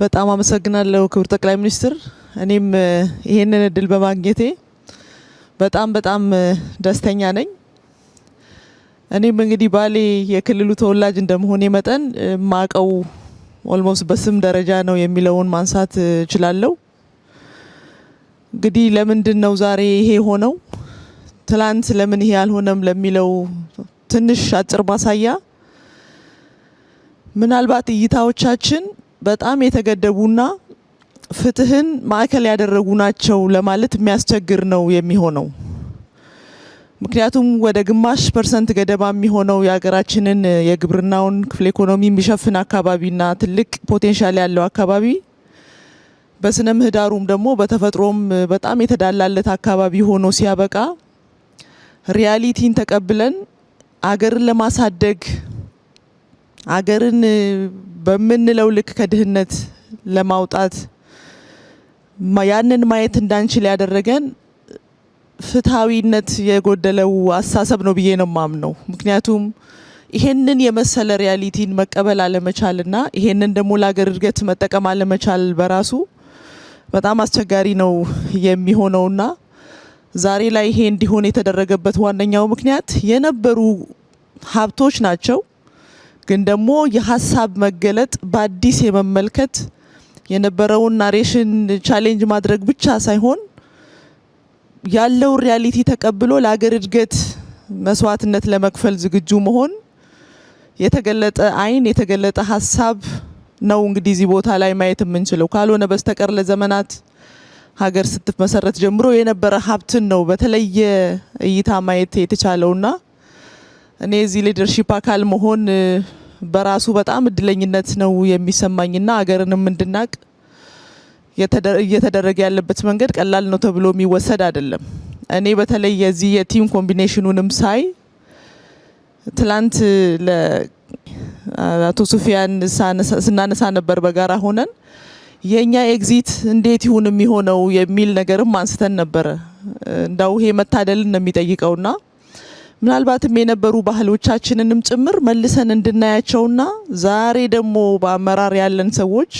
በጣም አመሰግናለሁ ክቡር ጠቅላይ ሚኒስትር። እኔም ይሄንን እድል በማግኘቴ በጣም በጣም ደስተኛ ነኝ። እኔም እንግዲህ ባሌ የክልሉ ተወላጅ እንደመሆኔ መጠን ማቀው ኦልሞስት በስም ደረጃ ነው የሚለውን ማንሳት እችላለሁ። እንግዲህ ለምንድን ነው ዛሬ ይሄ ሆነው ትላንት ለምን ይሄ አልሆነም ለሚለው ትንሽ አጭር ማሳያ ምናልባት እይታዎቻችን በጣም የተገደቡና ፍትህን ማዕከል ያደረጉ ናቸው ለማለት የሚያስቸግር ነው የሚሆነው። ምክንያቱም ወደ ግማሽ ፐርሰንት ገደባ የሚሆነው የሀገራችንን የግብርናውን ክፍለ ኢኮኖሚ የሚሸፍን አካባቢና ትልቅ ፖቴንሻል ያለው አካባቢ በስነ ምህዳሩም ደግሞ በተፈጥሮም በጣም የተዳላለት አካባቢ ሆኖ ሲያበቃ ሪያሊቲን ተቀብለን አገርን ለማሳደግ አገርን በምንለው ልክ ከድህነት ለማውጣት ያንን ማየት እንዳንችል ያደረገን ፍትሐዊነት የጎደለው አስተሳሰብ ነው ብዬ ነው የማምነው። ምክንያቱም ይሄንን የመሰለ ሪያሊቲን መቀበል አለመቻልና ይሄንን ደግሞ ለሀገር እድገት መጠቀም አለመቻል በራሱ በጣም አስቸጋሪ ነው የሚሆነውና ዛሬ ላይ ይሄ እንዲሆን የተደረገበት ዋነኛው ምክንያት የነበሩ ሀብቶች ናቸው ግን ደግሞ የሀሳብ መገለጥ በአዲስ የመመልከት የነበረውን ናሬሽን ቻሌንጅ ማድረግ ብቻ ሳይሆን ያለው ሪያሊቲ ተቀብሎ ለሀገር እድገት መስዋዕትነት ለመክፈል ዝግጁ መሆን የተገለጠ አይን የተገለጠ ሀሳብ ነው እንግዲህ እዚህ ቦታ ላይ ማየት የምንችለው። ካልሆነ በስተቀር ለዘመናት ሀገር ስትመሰረት ጀምሮ የነበረ ሀብትን ነው በተለየ እይታ ማየት የተቻለውና እኔ የዚህ ሊደርሺፕ አካል መሆን በራሱ በጣም እድለኝነት ነው የሚሰማኝና ሀገርንም እንድናቅ እየተደረገ ያለበት መንገድ ቀላል ነው ተብሎ የሚወሰድ አይደለም። እኔ በተለይ የዚህ የቲም ኮምቢኔሽኑንም ሳይ ትላንት ለአቶ ሱፊያን ስናነሳ ነበር በጋራ ሆነን የእኛ ኤግዚት እንዴት ይሁን የሚሆነው የሚል ነገርም አንስተን ነበረ። እንዳው ይሄ መታደልን ነው የሚጠይቀውና ምናልባትም የነበሩ ባህሎቻችንንም ጭምር መልሰን እንድናያቸውና ዛሬ ደግሞ በአመራር ያለን ሰዎች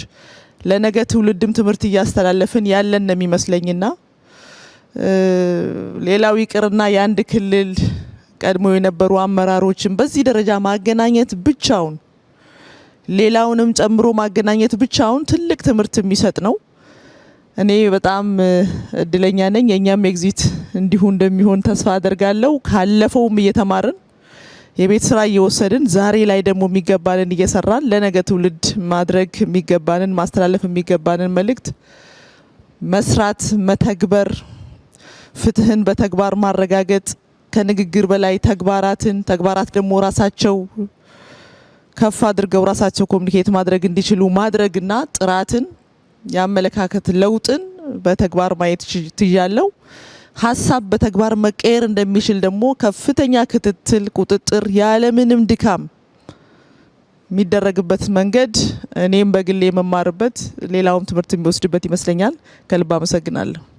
ለነገ ትውልድም ትምህርት እያስተላለፍን ያለን ነው የሚመስለኝና ሌላው ይቅርና የአንድ ክልል ቀድሞ የነበሩ አመራሮችን በዚህ ደረጃ ማገናኘት ብቻውን ሌላውንም ጨምሮ ማገናኘት ብቻውን ትልቅ ትምህርት የሚሰጥ ነው። እኔ በጣም እድለኛ ነኝ። የእኛም ኤግዚት እንዲሁ እንደሚሆን ተስፋ አደርጋለሁ። ካለፈውም እየተማርን የቤት ስራ እየወሰድን ዛሬ ላይ ደግሞ የሚገባንን እየሰራን ለነገ ትውልድ ማድረግ የሚገባንን ማስተላለፍ የሚገባንን መልእክት መስራት፣ መተግበር፣ ፍትህን በተግባር ማረጋገጥ ከንግግር በላይ ተግባራትን ተግባራት ደግሞ ራሳቸው ከፍ አድርገው ራሳቸው ኮሚኒኬት ማድረግ እንዲችሉ ማድረግና ጥራትን የአመለካከት ለውጥን በተግባር ማየት ትያለው። ሀሳብ በተግባር መቀየር እንደሚችል ደግሞ ከፍተኛ ክትትል፣ ቁጥጥር ያለምንም ድካም የሚደረግበት መንገድ እኔም በግሌ የመማርበት ሌላውም ትምህርት የሚወስድበት ይመስለኛል። ከልብ አመሰግናለሁ።